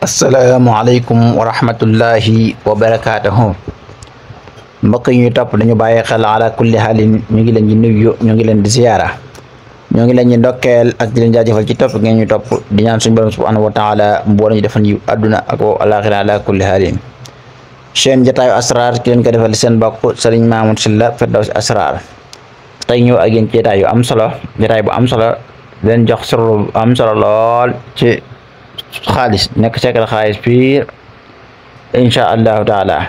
asalaamaaleykum wa rahmatullahi wa barakaatuhu mbokk yi ñuy topp dañu bàyyi xel ala kulli xaalin ñu ngi leen di nuyu ñu ngi leen di ziyaara ñu ngi leen di ndokkeel ak di leen jaajëfal ci topp ngeen ñu topp di ñaan suñu borom subhaanahu wa taala mbooloo ñu defal yu àdduna ak alaaxira ala kulli ko defal seen bokk Sëriñ Mamoun Sylla Firdawsi tey ñëw ak yéen yu am solo bu am solo leen jox am solo lool xaalis nekk ceekal xaalis piir incha allahu taala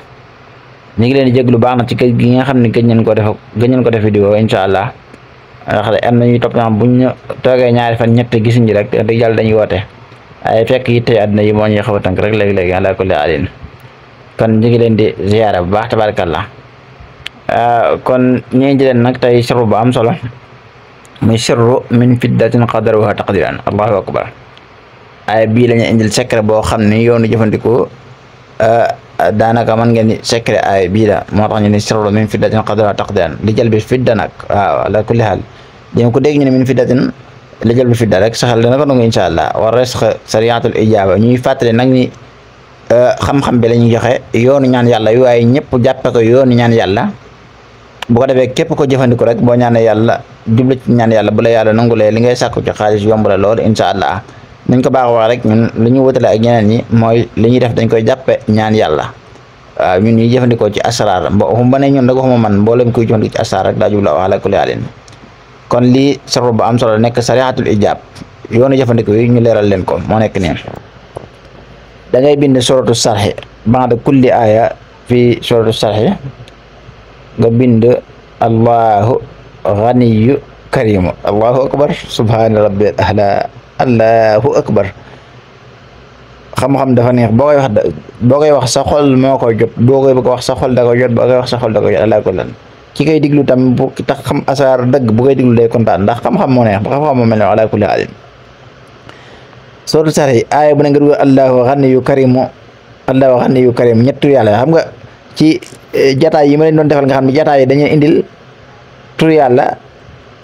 ñu ngi leen di jéglu baax na ci këj gi nga xam ne gëj nañ ko def gëj nañ ko def vidéo allah ndax am nañuy topp naa bu ñu toogee ñaari fan ñett gisuñ ji rek dëgg yàlla dañuy woote ay fekk yitte yi moo ñuy xaw a tank rek léegi-léegi àla kulli alin kon ñu ngi leen di ziyaara bu baax tabarakallah ah, kon ñi ji leen nag tey sirru bu am solo muy sirru min fiddatin qadaruha taqdiran allahu akbar ay bii lañu indil secret bo xam ne yoonu jëfandikoo eh, daanaka man ngeen secret ay bii la moo tax ñu ne sirru min fiddatin qadra taqdan li jalbi fidda nag waaw ala kulli haal dina ko dégg ñu ne min fiddatin li jalbi fidda rek saxal dana ko nangu insha allah war resq sariatul ijaba ñuy fàttali nag ni eh, xam-xam bi la ñuy joxe yoonu ñaan yàlla yu waaye ñëpp jàppe ko yoonu ñaan yàlla bu ko defee képp ko jëfandikoo rek boo ñaanee yàlla jublu ci ñaan yàlla bu la yàlla nangulee li ngay sàkku ci xaalis yomb lool insha nañ ko baax wax rek ñun lu ñu wutale ak ñeneen ñi mooy li ñuy def dañ koy jàppe ñaan yàlla waaw ñun ñuy jëfandikoo ci asraar mbo xum ba ne ñun rek waxuma man mboolem koy jëfandikoo ci asraar rek daa jubla wax la kulli alin kon lii sabab bu am solo nekk sariatul ijab yoonu jëfandikoo yi ñu leeral leen ko moo nekk nii da bind suratu sarxi ba'da kulli aaya fii suratu sarxi nga bind allahu ganiyu karimu allahu akbar subhaana rabbil a'laa allahu akbar xam-xam dafa neex boo koy wax boo koy wax sa xol moo koy jot boo koy bëgg wax sa xol da koy jot boo koy wax sa xol da koy jot alaa ko lan ki koy diglu tam bu tax xam asaar dëgg bu koy diglu day kontaan ndax xam-xam moo neex xam-xam mel alaa kulli alim suru sare aaya bu ne nga allahu xani karimu allahu xani karim ñett tur xam nga ci eh, jataay yi ma leen doon defal nga xam yi indil tur yàlla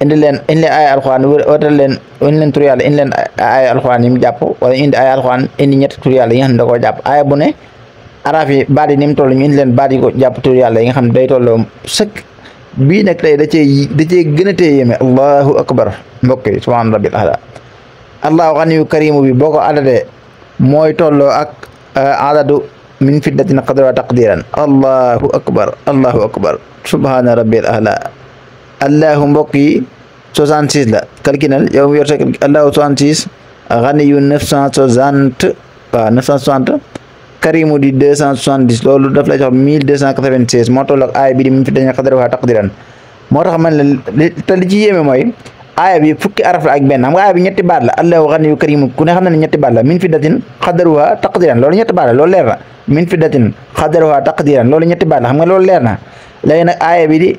indi leen indi leen ay alxuraan leen indi leen tur yàlla indi mu jàpp wala indi ay alxuraan indi ñetti tur yàlla yi nga xam ne da koo jàpp aaya bu ne araf yi baat yi ni ñu indi leen baat yi jàpp tur yàlla yi nga xam ne day tolloo sëkk bii nag da cee da cee gën a tee allahu akbar mbokk yi subhaana rabbil ala allahu xaniyu karimu bi boo ko adadee mooy tolloo ak eh, adadu min fiddatin qadra taqdiran allahu akbar allahu akbar subhaana rabbil ala allahu mbokk yi 66 la calculal yow mi yor sa allahu 66 ganiyu 960 waaw 960 karimu di 270 loolu daf lay jox 1296 moo toll ak aaya moo tax man la te min fi datin xadaruwaa loolu ñetti baat la loolu leer min fi datin xadaruwaa loolu ñetti baat la xam nga loolu leer na nag aaya di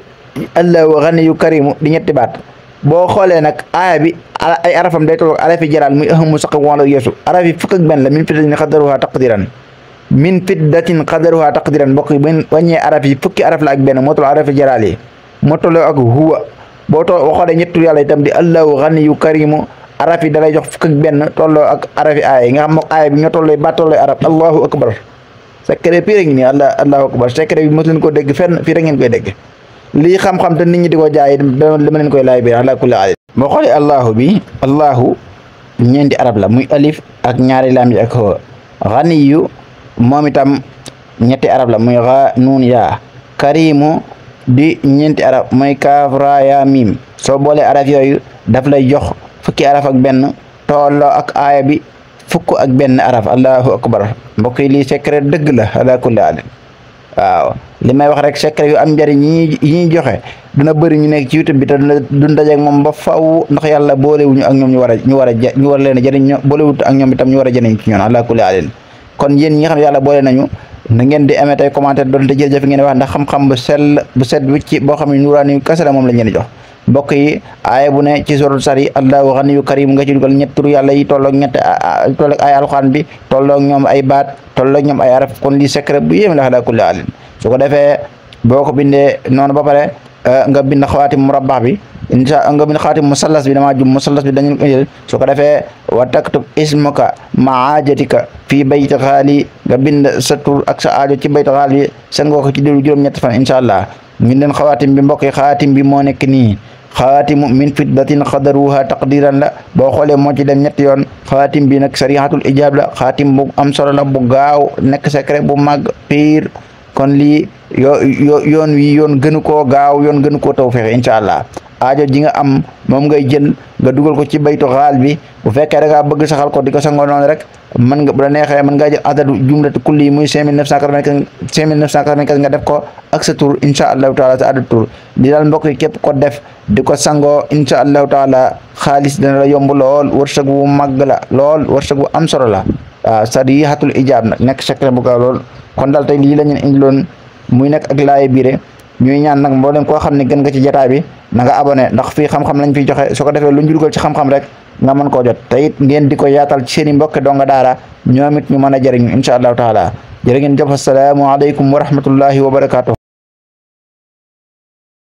allahu yu karimu di ñetti baat boo xoolee nag aaya bi ay arafam day tolloog arafi jaraal muy ahamu saq wala yeesu arafi fukk ak benn la min fiddatin xadaruha taqdiran min fiddatin xadaruha taqdiran mbokk yi bañ wàññee araf yi fukki arafi jaraal yi moo tolloo ak huwa boo too xoolee ñettu yàlla itam di allahu ganiyu karimu araf yi dalay jox fukk benn tolloo ak arafi aaya yi nga xam mook aaya bi ñoo tollooy ba tollooy arab allahu akbar secret bi rek nii allahu akbar secret bi mos leen dégg fenn fii rek ngeen koy dégg lii xam-xam te nit ñi di ko jaay dama leen koy laaj bi ala bi allahu ñeenti arab la muy alif ak ñaari laam yi ak xaniyu moom ñetti arab la muy xa nuun yaa karimu di ñeenti arab muy kaaf raa miim soo boolee arab yooyu daf lay jox fukki araf ak benn tolloo ak aaya bi ak benn arab allahu akbar mbokk yi lii secret dëgg la ala kulli aal waaw li may wax rek secret yu am njëriñ yi ñuy joxe duna bëri ñu nekk ci YouTube bi te duna duñ dajeeg moom ba faw ndax yàlla boolewuñu ak ñoom ñu war ñu war a ñu war leen a jëriñ ñoom boolewut ak ñoom itam ñu war a jëriñ ci ñoon àla kulli alin kon yen ñi xam yàlla boole nañu na ngeen di amee tey commentaire doon te jërëjëf ngeen wax ndax xam-xam bu sell bu set wicc boo xam ne ñu wuraan yu kese la moom la ngeen jox bokk yi bu ne ci suratul sari allahu ghaniyyun karim nga ci dugal ñett tur yàlla yi tolloog ñett tolloog ay alxuraan bi tolloog ñoom ay baat tolloog ñoom ay araf kon li secret bu yem la ala kulli alin su ko defee boo ko non ba pare e, nga bind xawaatim bi incha nga bind xawaatim musallas bi damaa jum musallas bi dañu ko indil su ko defee wa taktub ismuka maajatika fi bayt xaali nga bind sa aja ak sa aajo ci bayt xaali bi sa ci fan incha allah ñu leen xawaatim bi mbokk yi bi moo nekk xaatimu min fiddatin xadaruha taqdiran la boo xoolee moo ci dem ñetti yoon xaatim bi nag sarihatul ijaab la xaatim bu am solo la bu gaaw nekk secret bu mag piir kon lii yoo yoo yoon wi yoon gënu koo gaaw yoon gënu koo taw fexe incha allah aajo ji nga am moom ngay jël nga dugal ko ci baytu xaal bi bu fekkee da ngaa bëgg saxal ko di ko sangoo noonu rek man nga bu la neexee mën ngaa jël adadu jumlatu kulli yi muy cinq mille neuf cent quatre-vingt-quinze cinq mille neuf cent quatre vingt nga def ko ak sa tur allahu taala sa adadu tur daal mbokk yi képp ko def di ko sangoo incha allahu taala xaalis dana la yomb lool war wërsëg wu màgg la lool wërsëg wu am solo la waaw sadihatul ijaab nag nekk secret bu gaaw lool kon daal tey lii la ñu indiloon muy nekk ak laaye biire ñuy ñaan nag mboolem koo xam ne gën nga ci jotaay bi nanga abone abonné ndax fii xam-xam lañ fiy joxe su ko defee lu ñu dugal ci xam-xam rek nga mën ko jot te ngeen di ko yaatal ci seen donga daara ñoom it ñu mën a jëriñ incha allahu taala jërë ngeen jëf assalaamu aleykum wa rahmatullahi wa barakaatu.